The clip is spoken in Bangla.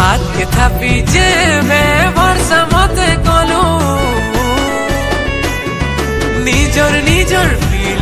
ಹಾಕಿ ತಪ್ಪಿಜೆ ಮೇ ವರ್ಷ ಮತ್ತೆ ಕೊಲು নিজর নিজর ফিল